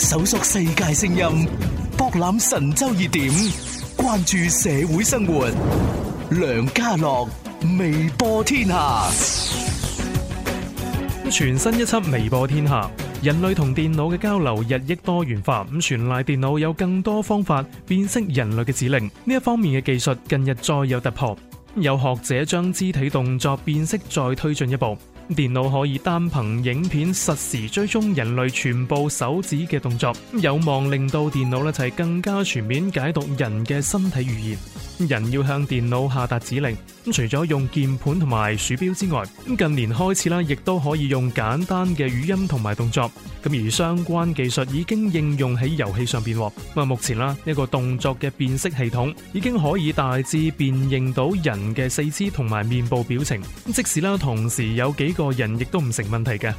搜索世界聲音，博覽神州熱點，關注社會生活。梁家樂微播天下。全新一輯微播天下，人類同電腦嘅交流日益多元化。咁，全賴電腦有更多方法辨識人類嘅指令。呢一方面嘅技術近日再有突破，有學者將肢體動作辨識再推進一步。電腦可以單憑影片實時追蹤人類全部手指嘅動作，有望令到電腦呢就係更加全面解讀人嘅身體語言。人要向電腦下達指令，除咗用鍵盤同埋鼠標之外，咁近年開始啦，亦都可以用簡單嘅語音同埋動作。咁而相關技術已經應用喺遊戲上邊。咁啊，目前啦，呢個動作嘅辨識系統已經可以大致辨認到人嘅四肢同埋面部表情。即使啦，同時有幾個人，亦都唔成問題嘅。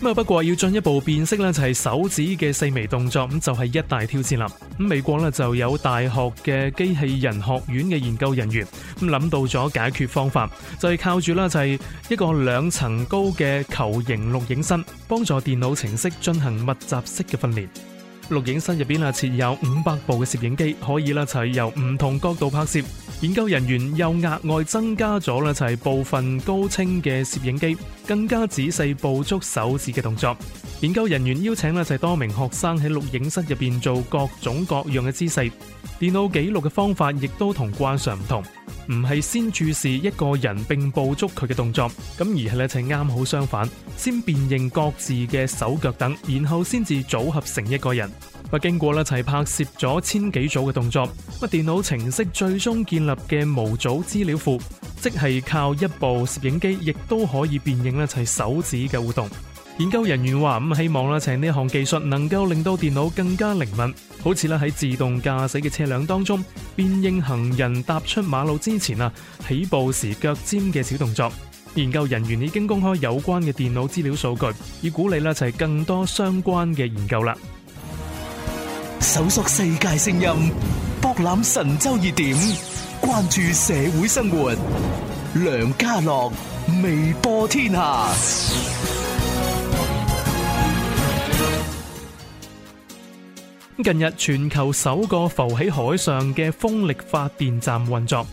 咁啊，不過要進一步辨識咧，就係手指嘅細微動作，咁就係一大挑戰啦。咁美國咧就有大學嘅機器人學院嘅研究人員，咁諗到咗解決方法，就係靠住咧就係一個兩層高嘅球形錄影室，幫助電腦程式進行密集式嘅訓練。錄影室入邊啊設有五百部嘅攝影機，可以啦齊由唔同角度拍攝。研究人員又額外增加咗啦齊部分高清嘅攝影機，更加仔細捕捉手指嘅動作。研究人員邀請啦齊多名學生喺錄影室入邊做各種各樣嘅姿勢，電腦記錄嘅方法亦都同慣常唔同。唔係先注視一個人，並捕捉佢嘅動作，咁而係咧就啱好相反，先辨認各自嘅手腳等，然後先至組合成一個人。啊經過咧齊拍攝咗千幾組嘅動作，啊電腦程式最終建立嘅模組資料庫，即係靠一部攝影機，亦都可以辨認咧齊手指嘅互動。研究人員話：唔希望啦，就係呢項技術能夠令到電腦更加靈敏，好似啦喺自動駕駛嘅車輛當中，辨認行人踏出馬路之前啊，起步時腳尖嘅小動作。研究人員已經公開有關嘅電腦資料數據，以鼓勵就係更多相關嘅研究啦。搜索世界聲音，博覽神州熱點，關注社會生活。梁家樂，微播天下。近日，全球首個浮喺海上嘅風力發電站運作。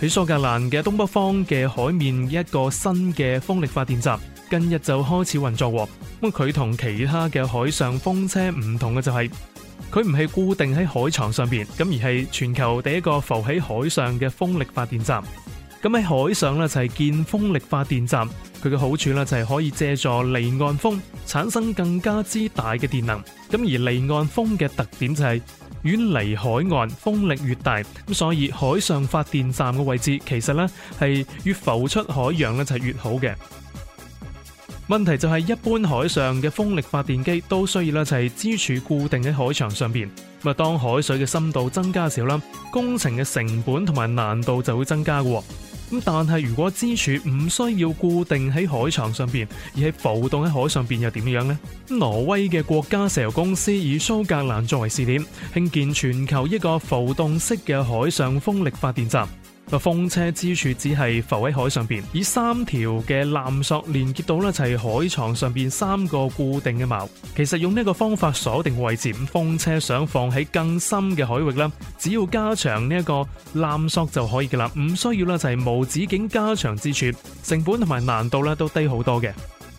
喺蘇格蘭嘅東北方嘅海面，一個新嘅風力發電站，近日就開始運作喎。咁佢同其他嘅海上風車唔同嘅就係，佢唔係固定喺海床上邊，咁而係全球第一個浮喺海上嘅風力發電站。咁喺海上咧就係建風力發電站，佢嘅好處咧就係可以借助離岸風產生更加之大嘅電能。咁而離岸風嘅特點就係遠離海岸風力越大，咁所以海上發電站嘅位置其實咧係越浮出海洋咧就越好嘅。問題就係一般海上嘅風力發電機都需要咧就係支柱固定喺海牆上邊。當海水嘅深度增加少啦，工程嘅成本同埋難度就會增加嘅。咁但係如果支柱唔需要固定喺海床上邊，而係浮動喺海上邊又點樣呢？挪威嘅國家石油公司以蘇格蘭作為試點，興建全球一個浮動式嘅海上風力發電站。嗱，風車之柱只係浮喺海上邊，以三條嘅纜索連結到呢就係海床上邊三個固定嘅錨。其實用呢個方法鎖定位置，風車想放喺更深嘅海域呢只要加長呢一個纜索就可以㗎啦，唔需要咧就係無止境加長之柱，成本同埋難度呢都低好多嘅。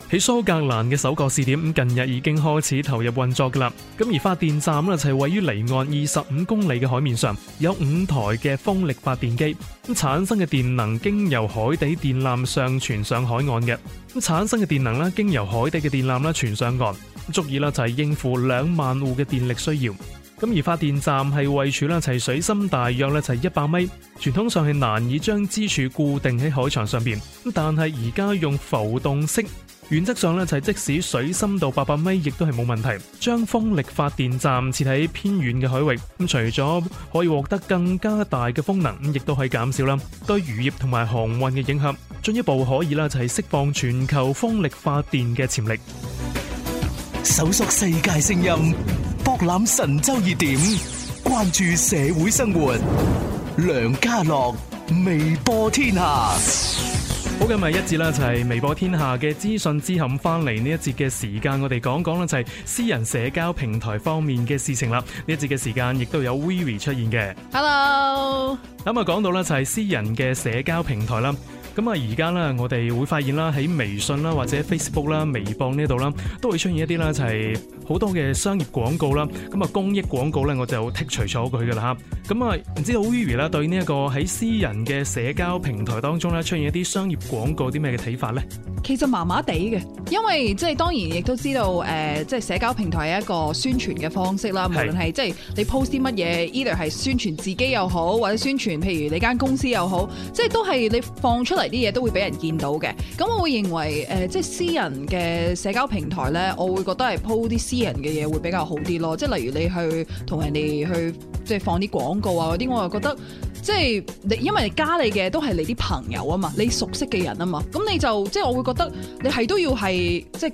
喺蘇格蘭嘅首個試點近日已經開始投入運作噶啦，咁而發電站呢就係位於離岸二十五公里嘅海面上，有五台嘅風力發電機，咁產生嘅電能經由海底電纜上傳上海岸嘅，咁產生嘅電能呢經由海底嘅電纜呢傳上岸，足以呢就係應付兩萬戶嘅電力需要。咁而發電站係位處呢就係水深大約呢就係一百米，傳統上係難以將支柱固定喺海床上邊，咁但係而家用浮動式。原則上咧，就係即使水深到八百米，亦都係冇問題。將風力發電站設喺偏遠嘅海域，咁除咗可以獲得更加大嘅風能，咁亦都可以減少啦對漁業同埋航運嘅影響。進一步可以啦，就係釋放全球風力發電嘅潛力。搜索世界聲音，博覽神州熱點，關注社會生活。梁家樂，微播天下。好嘅，咪一節啦，就係、是、微播天下嘅資訊之後翻嚟呢一節嘅時間，我哋講講啦就係私人社交平台方面嘅事情啦。呢一節嘅時間亦都有 Vivi 出現嘅，Hello，咁啊講到啦，就係私人嘅社交平台啦。咁啊，而家咧，我哋會發現啦，喺微信啦，或者 Facebook 啦、微博呢度啦，都會出現一啲啦，就係好多嘅商業廣告啦。咁啊，公益廣告咧，我就剔除咗佢噶啦嚇。咁啊，唔知 Ovi 啦，對呢一個喺私人嘅社交平台當中咧，出現一啲商業廣告什麼看，啲咩嘅睇法咧？其實麻麻地嘅，因為即係當然亦都知道，誒、呃、即係社交平台係一個宣傳嘅方式啦。無論係是即係你 post 啲乜嘢，either 係宣傳自己又好，或者宣傳譬如你間公司又好，即係都係你放出嚟啲嘢都會俾人見到嘅，咁我會認為誒、呃，即係私人嘅社交平台咧，我會覺得係 po 啲私人嘅嘢會比較好啲咯。即係例如你去同人哋去即係放啲廣告啊嗰啲，我又覺得即係你，因為你加你嘅都係你啲朋友啊嘛，你熟悉嘅人啊嘛，咁你就即係我會覺得你係都要係即係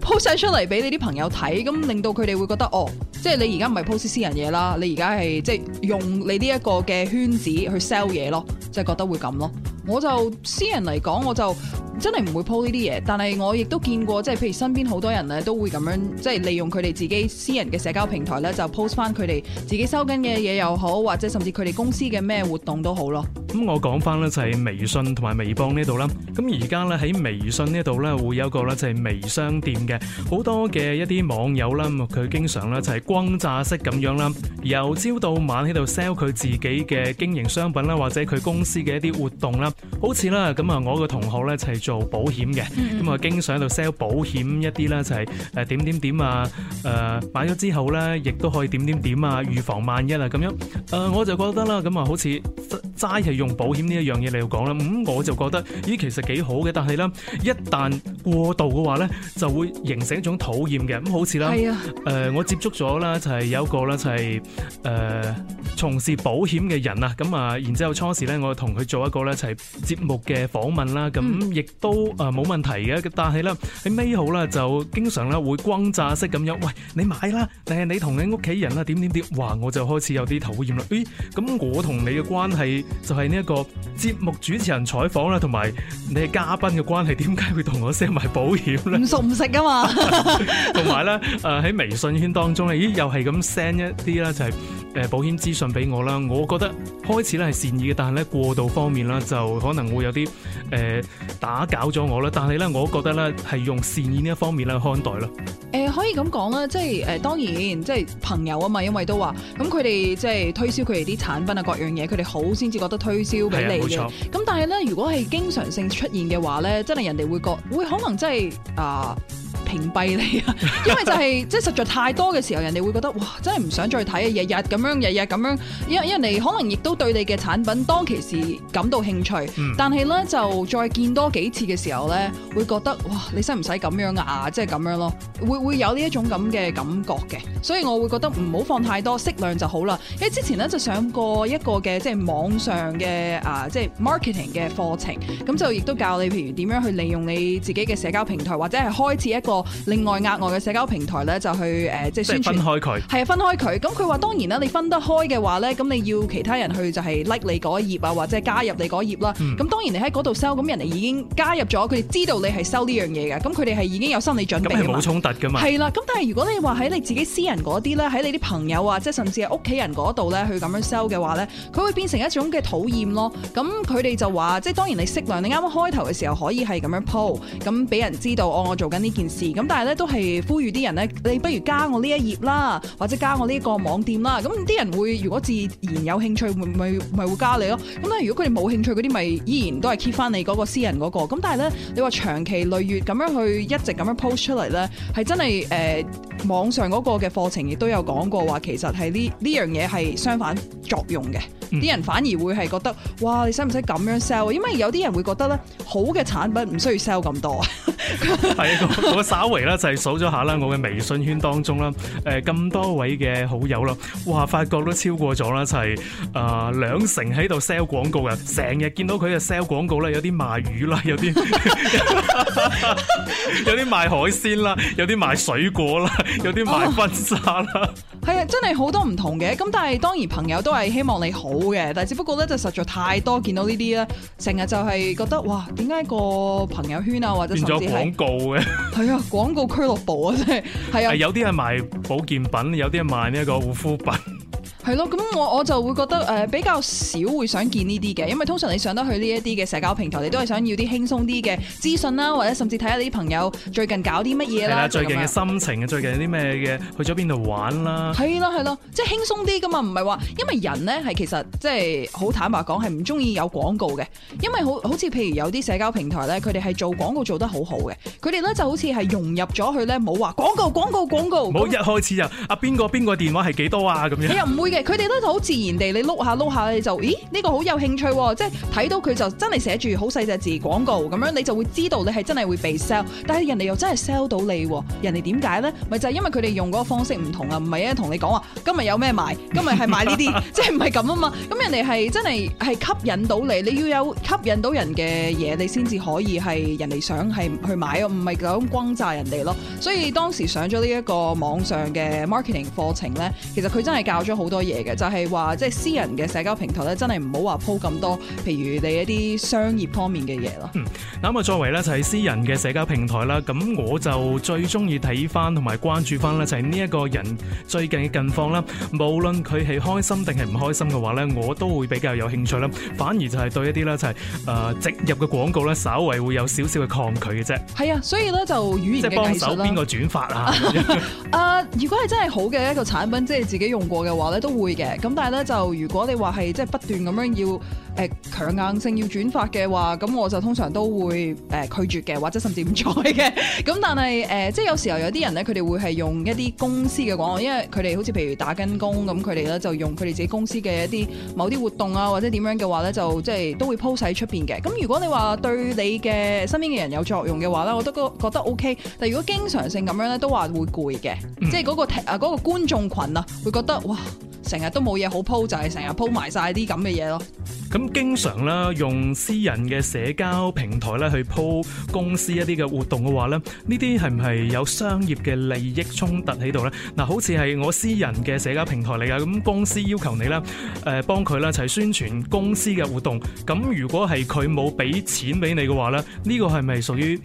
po 曬出嚟俾你啲朋友睇，咁令到佢哋會覺得哦，即係你而家唔係 po 私私人嘢啦，你而家係即係用你呢一個嘅圈子去 sell 嘢咯，即係覺得會咁咯。我就私人嚟講，我就真係唔會 post 呢啲嘢。但係我亦都見過，即係譬如身邊好多人咧都會咁樣，即係利用佢哋自己私人嘅社交平台咧，就 post 翻佢哋自己收緊嘅嘢又好，或者甚至佢哋公司嘅咩活動都好咯。咁我講翻咧就係微信同埋微博呢度啦。咁而家咧喺微信呢度咧會有一個咧就係微商店嘅，好多嘅一啲網友啦，佢經常咧就係轟炸式咁樣啦，由朝到晚喺度 sell 佢自己嘅經營商品啦，或者佢公司嘅一啲活動啦。好似啦，咁啊我個同學咧就係做保險嘅，咁啊經常喺度 sell 保險一啲咧就係誒點點點啊，誒買咗之後咧亦都可以點點點啊，預防萬一啦咁樣。誒我就覺得啦，咁啊好似齋係用。保險呢一樣嘢，嚟講啦，咁我就覺得咦，其實幾好嘅，但係咧一旦過度嘅話咧，就會形成一種討厭嘅。咁好似啦，係啊，誒，我接觸咗啦，就係有一個咧，就係誒從事保險嘅人啊，咁啊，然之後初時咧，我同佢做一個咧，就係節目嘅訪問啦，咁亦都誒冇問題嘅，但係咧喺尾好啦，就經常咧會轟炸式咁樣，喂，你買啦，但係你同你屋企人啊點點點，哇，我就開始有啲討厭啦。誒，咁我同你嘅關係就係。呢一個節目主持人採訪啦，同埋你係嘉賓嘅關係，點解會同我 send 埋保險咧？唔熟唔識㗎嘛 還有呢，同埋咧，誒喺微信圈當中咧，咦又係咁 send 一啲啦，就係、是。誒保險資訊俾我啦，我覺得開始咧係善意嘅，但係咧過度方面啦，就可能會有啲誒、呃、打攪咗我啦。但係咧，我覺得咧係用善意呢一方面咧去看待咯。誒、呃、可以咁講啦，即係誒當然即係、就是、朋友啊嘛，因為都話咁佢哋即係推銷佢哋啲產品啊各樣嘢，佢哋好先至覺得推銷俾你嘅。咁但係咧，如果係經常性出現嘅話咧，真係人哋會覺得會可能真係啊。呃屏蔽你啊！因為就係、是、即係實在太多嘅時候，人哋會覺得哇，真係唔想再睇啊！日日咁樣，日日咁樣。因為因為你可能亦都對你嘅產品當其時感到興趣，嗯、但係咧就再見多幾次嘅時候咧，會覺得哇，你使唔使咁樣啊？即係咁樣咯，會會有呢一種咁嘅感覺嘅，所以我會覺得唔好放太多，適量就好啦。因為之前咧就上過一個嘅即係網上嘅啊，即係 marketing 嘅課程，咁就亦都教你譬如點樣去利用你自己嘅社交平台，或者係開始一個。另外額外嘅社交平台咧，就去誒，呃、即係分開佢、嗯，係啊，分開佢。咁佢話當然啦，你分得開嘅話咧，咁你要其他人去就係 like 你嗰頁啊，或者加入你嗰頁啦。咁、嗯、當然你喺嗰度 sell，咁人哋已經加入咗，佢哋知道你係 sell 呢樣嘢嘅。咁佢哋係已經有心理準備的。冇衝突㗎嘛？係啦。咁但係如果你話喺你自己私人嗰啲咧，喺你啲朋友啊，即係甚至係屋企人嗰度咧去咁樣 sell 嘅話咧，佢會變成一種嘅討厭咯。咁佢哋就話，即係當然你適量，你啱啱開頭嘅時候可以係咁樣 po，咁俾人知道哦，我做緊呢件事。咁但係咧都係呼籲啲人咧，你不如加我呢一頁啦，或者加我呢個網店啦。咁啲人會如果自然有興趣，咪咪會、會加你咯。咁咧如果佢哋冇興趣嗰啲，咪依然都係 keep 翻你嗰個私人嗰、嗰個。咁但係咧，你話長期累月咁樣去一直咁樣 post 出嚟咧，係真係誒、呃、網上嗰個嘅課程亦都有講過話，其實係呢呢樣嘢係相反作用嘅。啲、嗯、人反而會係覺得，哇！你使唔使咁樣 sell？因為有啲人會覺得咧，好嘅產品唔需要 sell 咁多。係 稍微咧就係數咗下啦，我嘅微信圈當中啦，誒咁多位嘅好友咯，哇發覺都超過咗啦，就係誒兩成喺度 sell 廣告啊，成日見到佢嘅 sell 廣告啦，有啲賣魚啦，有啲有啲賣海鮮啦，有啲賣水果啦，有啲賣婚紗啦，係啊，真係好多唔同嘅，咁但係當然朋友都係希望你好嘅，但係只不過咧就實在太多見到呢啲咧，成日就係覺得哇，點解個朋友圈啊或者變咗廣告嘅，係啊。廣告俱樂部啊，真係係啊，有啲係賣保健品，有啲係賣呢一個護膚品。 係咯，咁我我就會覺得誒、呃、比較少會想見呢啲嘅，因為通常你上得去呢一啲嘅社交平台，你都係想要啲輕鬆啲嘅資訊啦，或者甚至睇下你啲朋友最近搞啲乜嘢啦，最近嘅心情啊，最近啲咩嘅，去咗邊度玩啦？係咯係咯，即係輕鬆啲㗎嘛，唔係話因為人咧係其實即係好坦白講係唔中意有廣告嘅，因為好好似譬如有啲社交平台咧，佢哋係做廣告做得好好嘅，佢哋咧就好似係融入咗去咧，冇話廣告廣告廣告，冇別告一開始就啊，邊個邊個電話係幾多啊咁樣，你又唔會佢哋都好自然地，你碌下碌下你就，咦？呢、這個好有興趣、哦，即係睇到佢就真係寫住好細隻字廣告咁樣，你就會知道你係真係會被 sell，但係人哋又真係 sell 到你，哦，人哋點解咧？咪就係、是、因為佢哋用個方式唔同啊，唔係一係同你講話今日有咩賣，今日係買呢啲，即係唔係咁啊嘛？咁人哋係真係係吸引到你，你要有吸引到人嘅嘢，你先至可以係人哋想係去買啊，唔係咁轟炸人哋咯。所以當時上咗呢一個網上嘅 marketing 課程咧，其實佢真係教咗好多。嘢嘅就係話，即係私人嘅社交平台咧，真係唔好話鋪咁多，譬如你一啲商業方面嘅嘢咯。嗯，咁啊，作為咧就係、是、私人嘅社交平台啦，咁我就最中意睇翻同埋關注翻咧就係呢一個人最近嘅近況啦。無論佢係開心定係唔開心嘅話咧，我都會比較有興趣啦。反而就係對一啲咧就係誒植入嘅廣告咧，稍為會有少少嘅抗拒嘅啫。係啊，所以咧就語言嘅技術啦。即係幫手邊個轉發啊？誒， 如果係真係好嘅一個產品，即、就、係、是、自己用過嘅話咧，都。會嘅，咁但係咧就如果你話係即係不斷咁樣要誒強硬性要轉發嘅話，咁我就通常都會誒拒絕嘅，或者甚至唔睬嘅。咁但係誒、呃、即係有時候有啲人咧，佢哋會係用一啲公司嘅廣告，因為佢哋好似譬如打跟工咁，佢哋咧就用佢哋自己公司嘅一啲某啲活動啊，或者點樣嘅話咧，就即係都會 post 晒喺出邊嘅。咁如果你話對你嘅身邊嘅人有作用嘅話咧，我都覺得 O K。但係如果經常性咁樣咧，都話會攰嘅，嗯、即係嗰、嗰個啊嗰、呃嗰個觀眾群啊會覺得哇。成日都冇嘢好鋪，就係成日鋪埋晒啲咁嘅嘢咯。咁經常啦，用私人嘅社交平台咧去鋪公司一啲嘅活動嘅話咧，呢啲係唔係有商業嘅利益衝突喺度咧？嗱，好似係我私人嘅社交平台嚟噶，咁公司要求你啦，誒、呃、幫佢啦一齊宣傳公司嘅活動。咁如果係佢冇俾錢俾你嘅話咧，呢、呢個係咪屬於？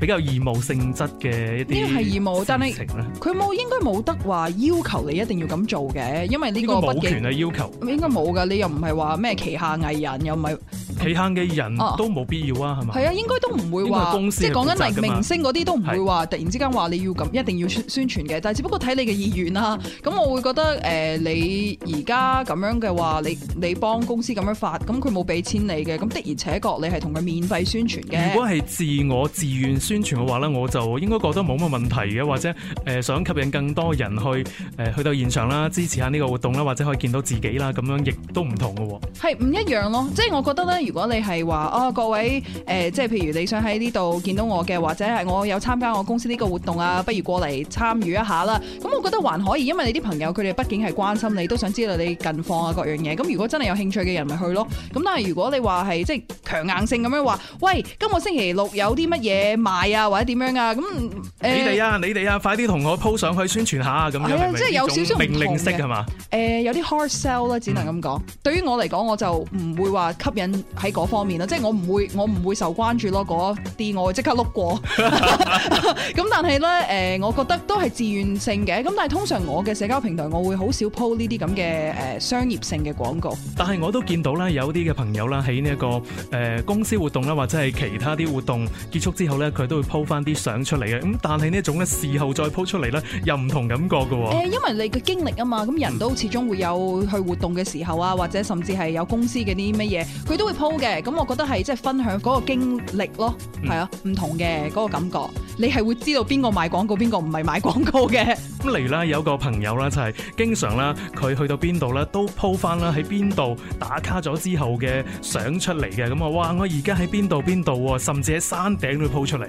比較義務性質嘅一啲事情咧，佢冇應該冇得話要求你一定要咁做嘅。因為呢個不，應該冇權去要求，應該冇㗎。你又唔係話咩旗下藝人又唔係。企坑嘅人都冇必要啊，係咪、啊？係吧啊，應該都唔會話公司即係講緊嚟明星嗰啲都唔會話突然之間話你要咁一定要宣傳嘅。是但係只不過睇你嘅意願啦、啊。咁我會覺得誒、呃、你而家咁樣嘅話，你你幫公司咁樣發，咁佢冇俾錢你嘅，咁的而且確你係同佢免費宣傳嘅。如果係自我自願宣傳嘅話咧，我就應該覺得冇乜問題嘅，或者誒、呃、想吸引更多人去誒、呃、去到現場啦，支持下呢個活動啦，或者可以見到自己啦，咁樣亦都唔同嘅。係唔一樣咯，即係我覺得咧。如果你係話啊，各位誒，即、呃、係譬如你想喺呢度見到我嘅，或者係我有參加我公司呢個活動啊，不如過嚟參與一下啦。咁、嗯、我覺得還可以，因為你啲朋友佢哋畢竟係關心你，都想知道你近況啊，各樣嘢。咁如果真係有興趣嘅人咪去咯。咁但係如果你話係即係強硬性咁樣話，喂，今個星期六有啲乜嘢賣啊，或者點樣啊？咁、嗯、你哋啊，你哋啊，快啲同我 po 上去宣傳下咁樣。即係有少少命令式係嘛？誒、啊呃，有啲 hard sell 啦，只能咁講。嗯、對於我嚟講，我就唔會話吸引。喺嗰方面啦，即係我唔會，我唔會受關注咯。嗰啲我會即刻碌過。咁 但係咧，誒、呃，我覺得都係自願性嘅。咁但係通常我嘅社交平台，我會好少鋪呢啲咁嘅誒商業性嘅廣告。但係我都見到咧，有啲嘅朋友啦、這個，喺呢一個誒公司活動啦，或者係其他啲活動結束之後咧，佢都會鋪翻啲相出嚟嘅。咁但係呢一種咧，事後再鋪出嚟咧，又唔同感覺噶誒、呃，因為你嘅經歷啊嘛，咁人都始終會有去活動嘅時候啊，或者甚至係有公司嘅啲乜嘢，佢都會 po 嘅咁，我覺得係即係分享嗰個經歷咯，係、嗯、啊，唔同嘅嗰個感覺，你係會知道邊個賣廣告，邊個唔係賣廣告嘅。咁嚟啦，有個朋友啦、就是，就係經常啦，佢去到邊度咧都鋪翻啦喺邊度打卡咗之後嘅相出嚟嘅。咁啊，哇！我而家喺邊度邊度，甚至喺山頂都鋪出嚟。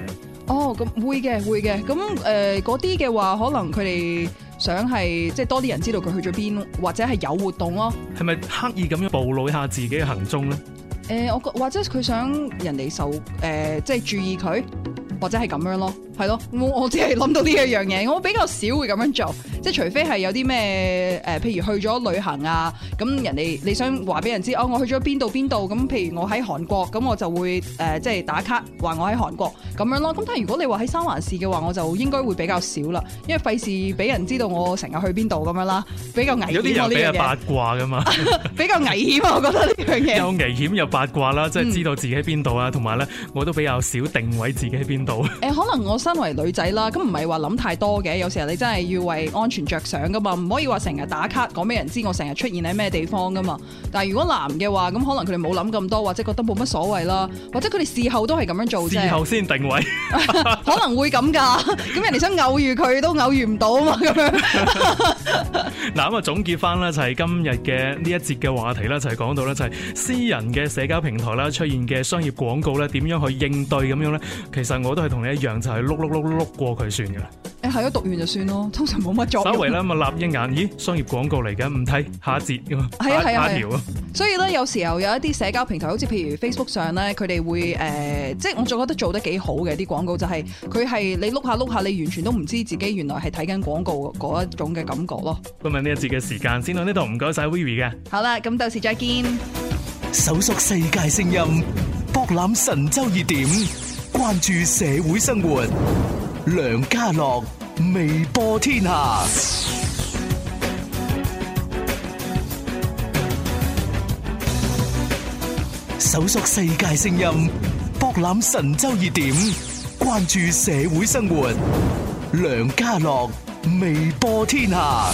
哦，咁會嘅會嘅。咁誒，嗰啲嘅話，可能佢哋想係即係多啲人知道佢去咗邊，或者係有活動咯。係咪刻意咁樣暴露下自己嘅行蹤咧？誒、呃，我覺得或者佢想人哋受誒、呃，即係注意佢。或者係咁樣咯，係咯，我只係諗到呢一樣嘢，我比較少會咁樣做，即係除非係有啲咩誒，譬如去咗旅行啊，咁人哋你想話俾人知，哦，我去咗邊度邊度，咁譬如我喺韓國，咁我就會誒、呃，即係打卡，話我喺韓國咁樣咯。咁但係如果你話喺三環市嘅話，我就應該會比較少啦，因為費事俾人知道我成日去邊度咁樣啦，比較危險啊。有啲人比較八卦噶嘛， 比較危險啊，我覺得呢樣嘢有危險又八卦啦，嗯、即係知道自己喺邊度啊，同埋咧，我都比較少定位自己喺邊。欸、可能我身為女仔啦，咁唔係話諗太多嘅，有時候你真係要為安全着想噶嘛，唔可以話成日打卡講俾人知我成日出現喺咩地方噶嘛。但係如果男嘅話，咁可能佢哋冇諗咁多，或者覺得冇乜所謂啦，或者佢哋事後都係咁樣做。事後先定位， 可能會咁㗎。咁 人哋想偶遇佢都偶遇唔到啊嘛，咁樣。嗱咁啊，總結翻啦，就係、是、今日嘅呢一節嘅話題啦，就係、是、講到咧，就係私人嘅社交平台啦出現嘅商業廣告咧，點樣去應對咁樣咧？其實我。都係同你一樣，就係碌碌碌碌碌過佢算噶啦。誒，係啊，讀完就算咯，通常冇乜作用。稍微咧，咪立一眼。咦，商業廣告嚟嘅，唔睇下一節。係啊係啊，所以咧，有時候有一啲社交平台，好似譬如 Facebook 上咧，佢哋會誒，即係我仲覺得做得幾好嘅啲廣告，就係佢係你碌下碌下，你完全都唔知自己原來係睇緊廣告嗰一種嘅感覺咯。咁啊呢一節嘅時間先到呢度，唔該晒 Vivi 嘅。好啦，咁到時再見。搜索世界聲音，博覽神州熱點。關注社會生活，梁家樂微播天下。搜索世界聲音，博覽神州熱點，關注社會生活，梁家樂微播天下。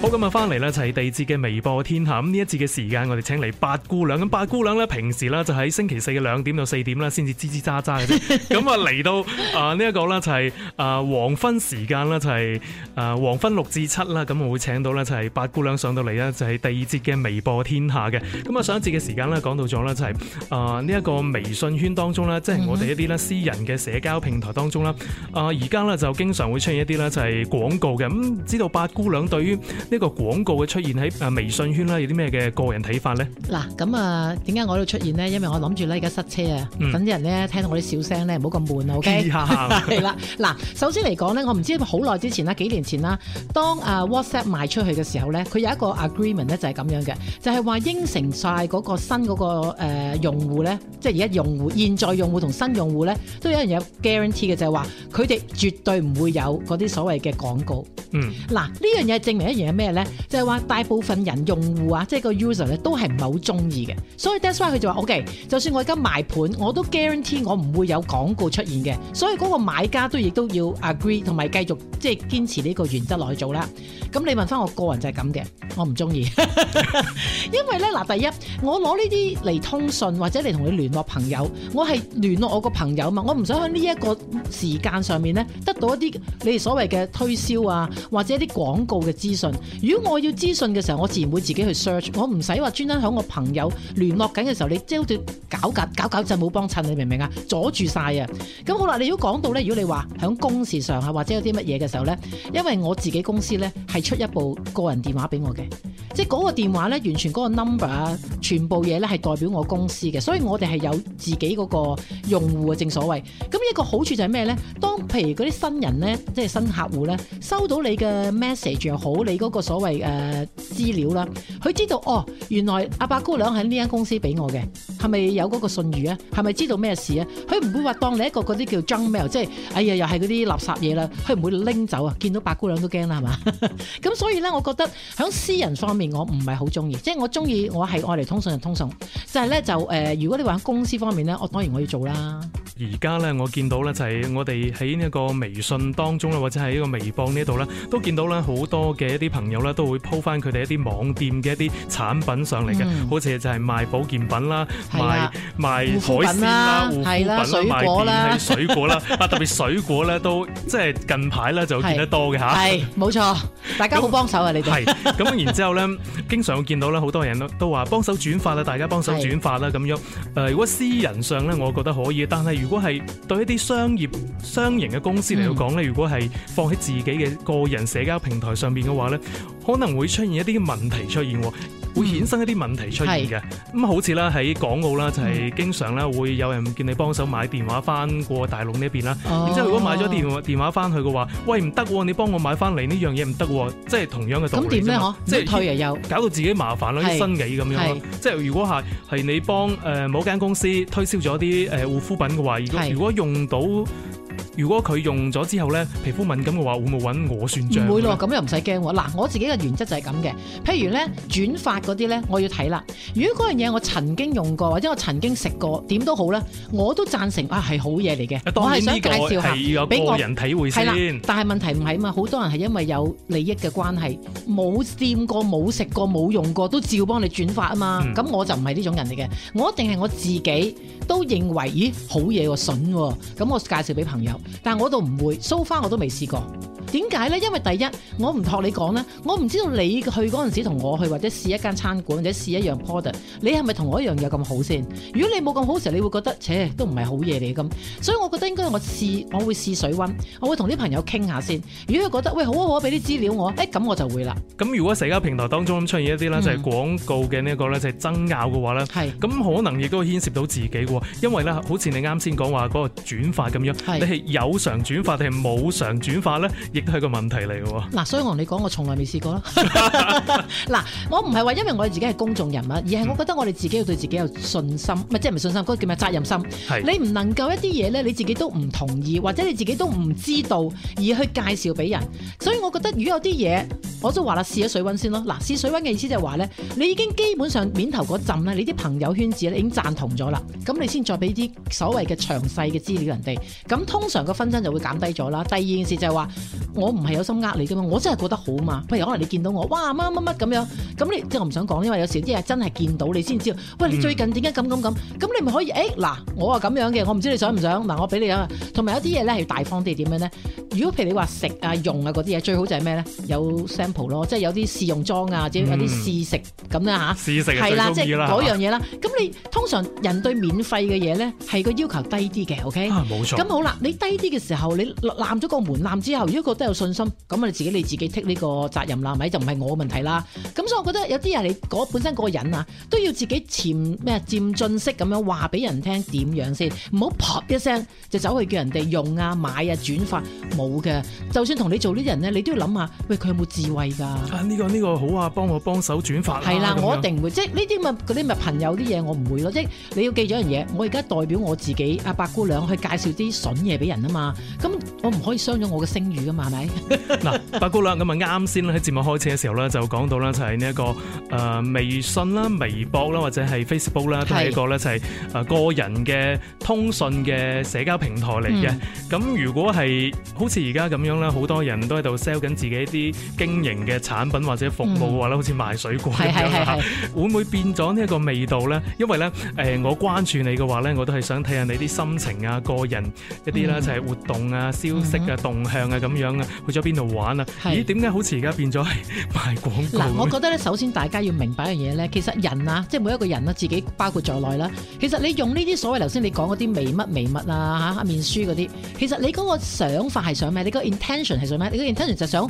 好咁啊，翻嚟呢就係第二節嘅微播天下。咁呢一節嘅時間，我哋請嚟八姑娘。咁八姑娘咧，平時咧就喺星期四嘅兩點到四點啦，先至吱吱喳喳嘅。咁啊，嚟到啊呢一個咧就係啊黃昏時間啦，就係啊黃昏六至七啦。咁我會請到咧就係八姑娘上到嚟啦，就係第二節嘅微播天下嘅。咁啊，上一節嘅時間咧，講到咗咧就係呢一個微信圈當中咧，即係我哋一啲咧私人嘅社交平台當中啦。啊而家咧就經常會出現一啲咧就係廣告嘅。咁知道八姑娘對於呢個廣告會出現喺誒微信圈啦，有啲咩嘅個人睇法咧？嗱，咁啊點解我喺度出現咧？因為我諗住咧而家塞車啊，嗯、等啲人咧聽到我啲笑聲咧，唔好咁悶啦，OK？係 Yeah. 啦，嗱，首先嚟講咧，我唔知好耐之前啦，幾年前啦，當誒、啊、WhatsApp 賣出去嘅時候咧，佢有一個 agreement 咧就係咁樣嘅，就係、是、話應承晒嗰個新嗰、那個、呃、用戶咧，Okay. 即係而家用戶，現在用戶同新用戶咧，都有一樣嘢 guarantee 嘅，就係話佢哋絕對唔會有嗰啲所謂嘅廣告。嗯。嗱，呢樣嘢證明一樣咩咧？就係話大部分人用戶啊，即係個 user 咧，都係唔係好中意嘅。所以 that's why 佢就話 OK，就算我而家賣盤，我都 guarantee 我唔會有廣告出現嘅。所以嗰個買家都亦都要 agree，同埋繼續即係堅持呢個原則落去做啦。咁你問翻我，我個人就係咁嘅，我唔中意， 因為咧嗱，第一我攞呢啲嚟通訊，或者嚟同你聯絡朋友，我係聯絡我個朋友嘛，我唔想喺呢一個時間上面咧得到一啲你哋所謂嘅推銷啊或者一啲廣告嘅資訊。如果我要資訊嘅時候，我自然會自己去 search，我唔使話專登響我朋友聯絡緊嘅時候，你即好似搞搞搞搞震冇幫襯，你明唔明啊？阻住晒啊！咁好啦，你如果講到咧，如果你話響公事上啊，或者有啲乜嘢嘅時候咧，因為我自己公司咧係出一部個人電話俾我嘅，即係嗰個電話咧完全嗰個 number，全部嘢咧係代表我的公司嘅，所以我哋係有自己嗰個用戶啊，正所謂。咁一個好處就係咩咧？當譬如嗰啲新人咧，即係新客戶咧，收到你嘅 message 又好，你嗰個個所謂誒資料啦，佢知道哦，原來阿白姑娘喺呢間公司俾我嘅，係咪有嗰個信譽啊？係咪知道咩事啊？佢唔會話當你一個嗰啲叫 junk mail，即係哎呀又係嗰啲垃圾嘢啦，佢唔會拎走啊！見到白姑娘都驚啦，係嘛？咁 所以咧，我覺得響私人方面，我唔係好中意，即係我中意我係愛嚟，通訊就通訊，就係、是、咧就誒、是呃，如果你話喺公司方面咧，我當然我要做啦。而家咧，我見到咧就係我哋喺呢一個微信當中咧，或者喺呢個微博呢度咧，都見到咧好多嘅一啲朋。朋友咧，都會 po 翻佢哋一啲網店嘅一啲產品上嚟嘅，好似就係賣保健品啦，賣賣海鮮啦，護膚品啦，賣水果啦，水果啦，啊特別水果咧都即係近排咧就見得多嘅嚇。係冇錯，大家好幫手啊，你哋係咁，然之後咧，經常會見到咧，好多人都話幫手轉發啦，大家幫手轉發啦咁樣。誒，如果私人上咧，我覺得可以，但係如果係對一啲商業、商營嘅公司嚟講咧，如果係放喺自己嘅個人社交平台上邊嘅話咧。可能會出現一啲問題出現，會衍生一啲問題出現嘅。咁、嗯嗯、好似啦喺港澳啦，就係、是、經常咧會有人叫你幫手買電話翻過大陸呢一邊啦。然之後如果買咗電電話翻去嘅話，喂唔得喎，你幫我買翻嚟呢樣嘢唔得喎，即係同樣嘅道理。樣樣即係是推啊，又搞到自己麻煩咯，啲新嘢咁樣。是即係如果係係你幫誒、呃、某間公司推銷咗啲誒護膚品嘅話，如果是如果用到。如果佢用咗之後咧，皮膚敏感嘅話，會唔會揾我算賬？唔會咯，咁又唔使驚。嗱，我自己嘅原則就係咁嘅。譬如咧，轉發嗰啲咧，我要睇啦。如果嗰樣嘢我曾經用過，或者我曾經食過，點都好咧，我都贊成啊，係好嘢嚟嘅。我係想介紹下俾個人體會先。但係問題唔係啊嘛，好多人係因為有利益嘅關係，冇掂過、冇食過、冇用過，都照幫你轉發啊嘛。咁、嗯、我就唔係呢種人嚟嘅，我一定係我自己都認為，咦，好嘢喎，筍喎，啊，咁我介紹俾朋友。但我都唔會，蘇花我都未試過。點解呢？因為第一，我唔托你講呢，我唔知道你去嗰陣時同我去或者試一間餐館或者試一樣 product，你係咪同我一樣嘢咁好先？如果你冇咁好嘅時候，你會覺得，誒、欸、都唔係好嘢嚟咁。所以我覺得應該我試，我會試水溫，我會同啲朋友傾下先。如果佢覺得，喂好啊好啊，俾啲資料我，咁、欸、我就會啦。咁如果社交平台當中出現一啲呢，就係、是、廣告嘅呢個呢，嗯、就係爭拗嘅話呢，咁是可能亦都牽涉到自己喎，因為呢，好似你啱先講話嗰個轉發咁樣，有償轉發定係冇償轉發咧，亦都係個問題嚟嘅。嗱，所以我同你講，我從來未試過啦。嗱， 我唔係話因為我哋自己係公眾人物，而係我覺得我哋自己要對自己有信心，唔、嗯、即係唔信心，嗰個叫咩責任心。是你唔能夠一啲嘢咧，你自己都唔同意，或者你自己都唔知道，而去介紹俾人。所以，我覺得如果有啲嘢，我都話啦，試一下水温先咯。嗱，試水温嘅意思就係話咧，你已經基本上面頭嗰陣咧，你啲朋友圈子咧已經贊同咗啦，咁你先再俾啲所謂嘅詳細嘅資料人哋。咁通常，個分身就會減低咗啦。第二件事就係話，我唔係有心呃你噶嘛，我真係覺得好嘛。不如可能你見到我，哇乜乜乜咁樣，咁你即係我唔想講，因為有時啲嘢真係見到你先知道。喂，你最近點解咁咁咁？咁你咪可以，哎嗱，我啊咁樣嘅，我唔知你想唔想嗱，我俾你啊。同埋有啲嘢咧係大方啲點樣呢？如果譬如你話食啊、用啊嗰啲嘢，最好就係咩呢？有 sample 咯，即係有啲試用裝啊，或者有啲試食咁啦嚇。試食係最中意啦。嗰、啊、樣嘢啦，咁你通常人對免費嘅嘢呢，係個要求低啲嘅，OK？啊冇錯。咁好啦，你低。呢嘅時候，你攬咗個門檻之後，如果覺得有信心，咁你自己你自己剔呢個責任啦，咪就唔係我問題啦。咁所以，我覺得有啲人你本身個人啊，都要自己漸咩漸進式咁樣話俾人聽點樣先，唔好噗一聲就走去叫人哋用啊買啊轉發冇嘅。就算同你做啲人咧，你都要諗下喂佢有冇智慧㗎？呢個呢個好啊，幫我幫手轉發係啦，我一定唔會即係呢啲咪嗰啲咪朋友啲嘢，我唔會咯。即係你要記咗樣嘢，我而家代表我自己阿白姑娘去介紹啲筍嘢俾人。啊嘛，咁我唔可以傷咗我嘅聲譽㗎嘛，係咪？嗱， 八姑娘，咁啊啱先喺節目開始嘅時候咧、這個，就講到咧就係呢一個誒微信啦、微博啦或者係 Facebook 啦，都係一個咧就係誒個人嘅通訊嘅社交平台嚟嘅。咁、嗯、如果係好似而家咁樣咧，好多人都喺度 sell 緊自己啲經營嘅產品或者服務嘅話咧，嗯、好似賣水果咁樣啊，係係係係會唔會變咗呢一個味道咧？因為咧誒、呃，我關注你嘅話咧，我都係想睇下你啲心情啊、個人一啲啦。嗯係活動啊、消息啊、動向啊咁樣啊，去咗邊度玩啊？是咦？點解好似而家變咗係賣廣告？嗱，我覺得咧，首先大家要明白一樣嘢咧，其實人啊，即係每一個人啦，自己包括在內啦。其實你用呢啲所謂頭先你講嗰啲微乜微物啊吓、面書嗰啲，其實你嗰個想法係想咩？你個 intention 係想咩？你個 intention 就想。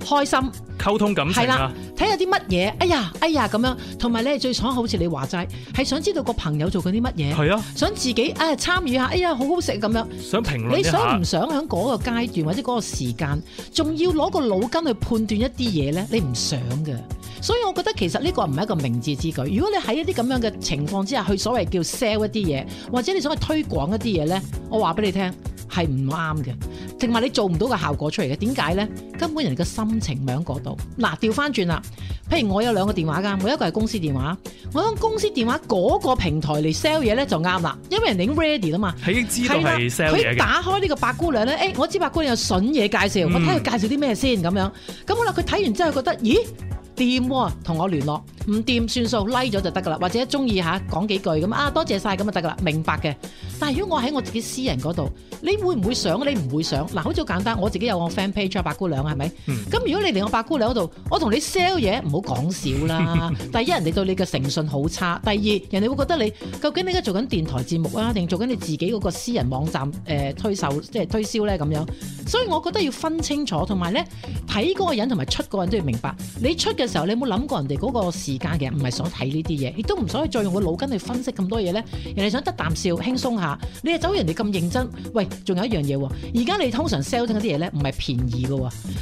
開心，溝通感情係、啊、啦，睇下啲乜嘢，哎呀，哎呀咁樣，同埋你係最爽。好似你話齋，係想知道個朋友做緊啲乜嘢，係啊的，想自己啊參與下，哎呀，好好食咁樣，想評論，你想唔想喺嗰個階段或者嗰個時間，仲要攞個腦筋去判斷一啲嘢咧？你唔想嘅。所以我覺得其實呢個唔係一個明智之舉。如果你喺一啲咁樣嘅情況之下去所謂叫 sell 一啲嘢，或者你想去推廣一啲嘢咧，我話俾你聽係唔啱嘅，同埋你做唔到個效果出嚟嘅。點解咧？根本人嘅心情唔喺嗰度。嗱、啊，調翻轉啦，譬如我有兩個電話噶，每一個係公司電話，我喺公司電話嗰個平台嚟 sell 嘢咧就啱啦，因為人已經 ready 啦嘛，佢已經知道係 sell 嘢嘅。佢打開呢個白姑娘咧，誒、哎，我知道白姑娘有笋嘢介紹，我睇佢介紹啲咩先咁、嗯、樣。咁好啦，佢睇完之後覺得，咦？一，喎，同我聯絡。唔掂算數拉咗、like、就得噶啦，或者中意下講幾句咁啊，多謝晒，咁就得噶啦，明白嘅。但係如果我喺我自己私人嗰度，你會唔會想？你唔會想嗱、啊，好似好簡單，我自己有個 fan page 啊，白姑娘係咪？咁、嗯、如果你嚟我白姑娘嗰度，我同你 sell 嘢唔好講少啦。 第一人哋對你嘅誠信好差，第二人哋會覺得你究竟你而家做緊電台節目啊，定做緊你自己嗰個私人網站推售即係推銷咧咁樣。所以我覺得要分清楚，同埋咧睇嗰個人同埋出個人都要明白，你出嘅時候你有冇諗過人哋嗰個時家嘅唔係想睇呢啲嘢，亦都唔想以再用個腦筋去分析咁多嘢咧。人哋想得啖笑，輕鬆下，你就走人哋咁認真。喂，仲有一樣嘢，而家你通常 sell 啲嘢咧，唔係便宜噶，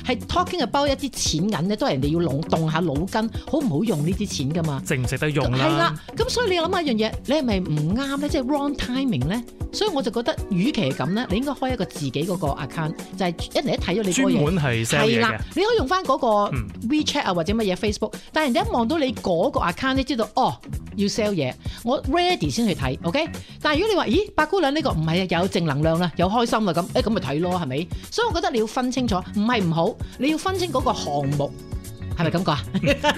係 talking about 一啲錢銀咧，都係人哋要動下腦筋，好唔好用呢啲錢噶嘛？值唔值得用啦？係啦，咁所以你要諗下一樣嘢，你係咪唔啱咧？即係 wrong timing 咧？所以我就覺得，與其係咁咧，你應該開一個自己嗰個 account，就係、是、一嚟一睇咗你專，專門係 sell 嘢嘅。係啦，你可以用翻嗰個 WeChat 啊，或者乜嘢、嗯、Facebook，但係人哋一望到你。嗰個 account 你知道，哦，要 sell 嘢，我 ready 先去睇，OK？但係如果你話，咦，白姑娘呢個唔係啊，有正能量啦，有開心啦，咁，誒，咁咪睇咯，係咪？所以我覺得你要分清楚，唔係唔好，你要分清嗰個項目。係咪咁講？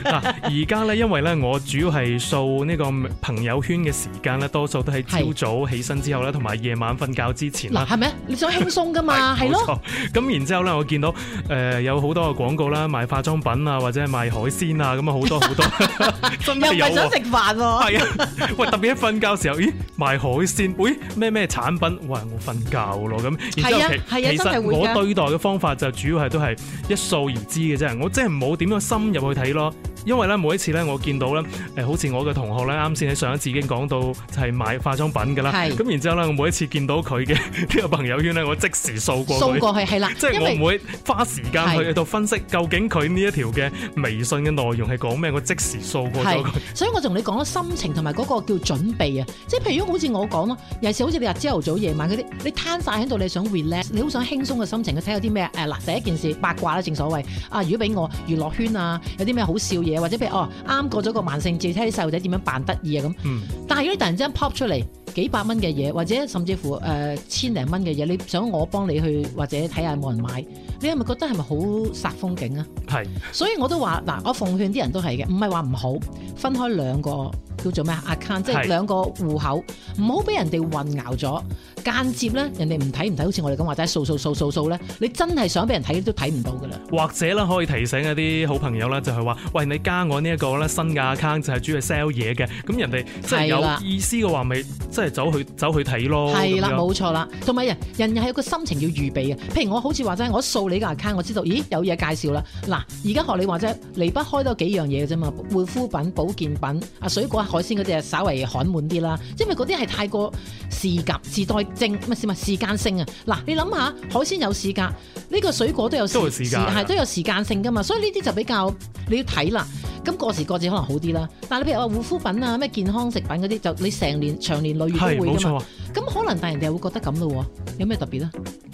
嗱，而家咧，因為咧，我主要係掃呢個朋友圈嘅時間咧，多數都喺朝早起身之後咧，同埋夜晚瞓覺之前。嗱，係咩？你想輕鬆噶嘛？係咯。 咁了然之後咧，我見到誒、呃、有好多嘅廣告啦，賣化妝品啊，或者係賣海鮮啊，咁 啊，好多好多。又唔係想食飯喎？係啊。喂，特別喺瞓覺嘅時候，咦？賣海鮮？喂、哎，咩咩產品？喂，我瞓覺咯。咁然之後其、啊啊、其實我對待嘅方法就主要係都係一掃而知嘅啫。我真係冇點樣深入去睇咯。因為咧，每一次咧，我見到咧，誒、呃，好似我嘅同學咧，啱先喺上一次已經講到，就係買化妝品嘅啦。咁係然之後咧，我每一次見到佢嘅啲朋友圈咧，我即時掃過。掃過去係啦。係即係我唔會花時間去到因為分析究竟佢呢一條嘅微信嘅內容係講咩，我即時掃過咗佢。係。所以我同你講心情同埋嗰個叫準備啊，即係譬如好似我講咯，尤其好似你日朝頭早,早、夜晚嗰啲，你攤晒喺度，你想 relax，你好想輕鬆嘅心情，佢睇有啲咩？嗱、啊，第一件事八卦啦、啊，正所謂啊，如果俾我娛樂圈啊，有啲咩好笑。或者譬如哦，啱過咗個萬聖節，睇啲細路仔點樣扮得意啊咁。嗯、但係如果你突然之間 pop 出嚟，幾百蚊嘅嘢，或者甚至乎誒、呃、千零蚊嘅嘢，你想我幫你去或者睇下冇人買，你係咪覺得係咪好煞風景啊？係是，所以我都話嗱，我奉勸啲人都係嘅，唔係話唔好分開兩個叫做咩 account，即係兩個戶口，唔好俾人哋混淆咗。間接咧，人哋唔睇唔睇，好似我哋咁話齋，掃掃掃掃掃咧，你真係想俾人睇都睇唔到噶啦。或者啦，可以提醒一啲好朋友啦，就係話，喂，你加我呢一個咧新嘅 account，就係主要 sell 嘢嘅，咁人哋即係有意思嘅話咪？的即係走去走去睇咯，係啦的，冇錯啦。同埋人，人係有個心情要預備嘅。譬如我好似話齋，我掃你個 account，我知道，咦有嘢介紹啦。嗱，而家學你話齋，離不開多幾樣嘢嘅啫嘛。護膚品、保健品、啊水果、海鮮嗰啲稍微罕滿啲啦。因為嗰啲係太過時夾、時代性唔係時間性啊。嗱，你諗下，海鮮有時隔，呢、呢個水果都有時，係都，都有時間性㗎嘛。所以呢啲就比較你要睇啦。咁過時過節可能好啲啦，但係你譬如話護膚品啊、咩健康食品嗰啲，就你成年長年累月都會㗎嘛。咁、啊、可能但係人哋又會覺得咁咯，有咩特別咧？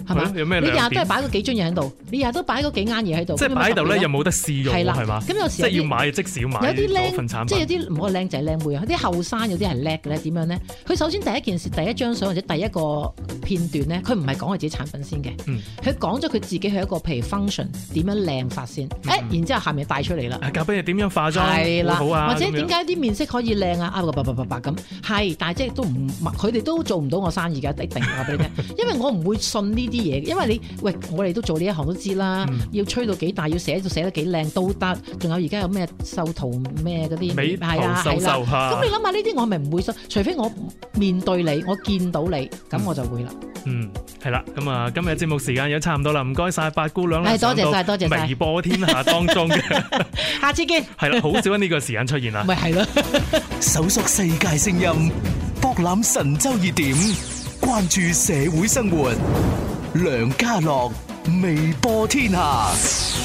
係嘛？你日咧擺嗰幾樽嘢喺度，你日都擺嗰幾盎嘢喺度。即係擺喺度咧，又冇得試用，係嘛？咁有時即係要買即少買。有啲靚即係有啲唔個靚仔靚妹啊！啲後生有啲係叻嘅咧，點樣咧？佢首先第一件事，第一張相或者第一個片段咧，佢唔係講佢自己產品先嘅。佢講咗佢自己係一個譬如 function 點樣靚法先？然之後下面帶出嚟啦。教俾你點樣化妝會好啊？或者點解啲面色可以靚啊？啊個白白咁，係，但係即係都唔，佢哋都做唔到我生意嘅，一定話俾你聽。因為我唔會信呢。啲嘢，因為你喂，我哋都做呢一行都知啦，要吹到幾大，要寫到寫得幾靚都得，仲有而家有咩瘦圖咩嗰啲？係啊，係啦。咁你諗下呢啲，我係咪唔會收？除非我面對你，我見到你，咁我就會啦。嗯，係啦，咁啊，今日節目時間又差唔多啦，唔該晒八姑娘啦，多謝晒，多謝晒。微播天下當中嘅，下次見。係啦，好少呢個時間出現啦。咪係咯，搜索世界聲音，博覽神州熱點，關注社會生活。梁家樂，微播天下。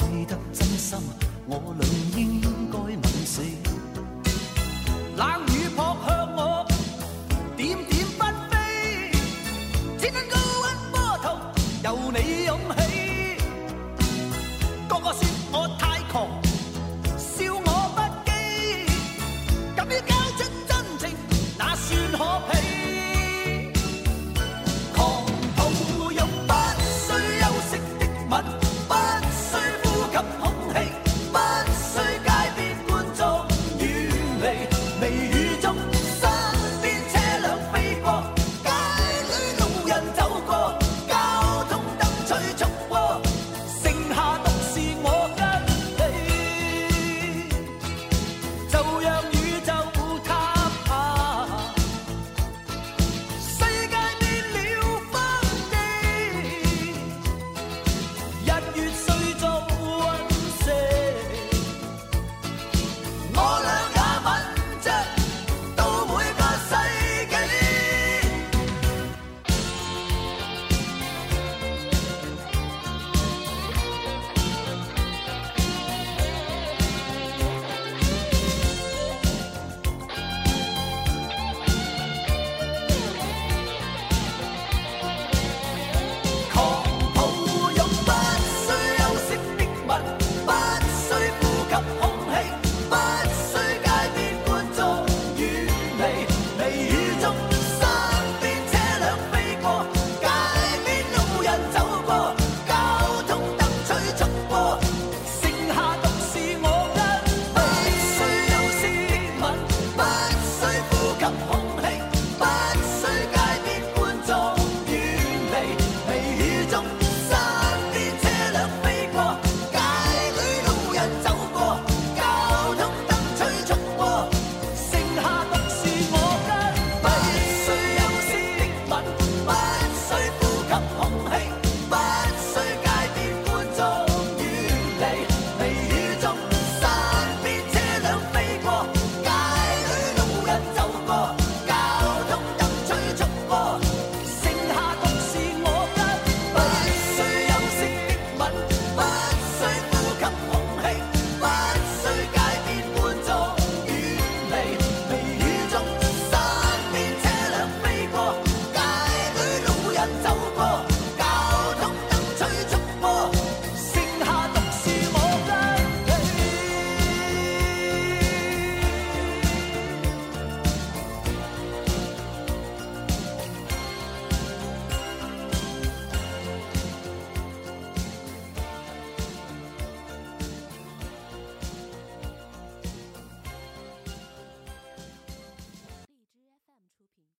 愛得真心，我倆應該吻死。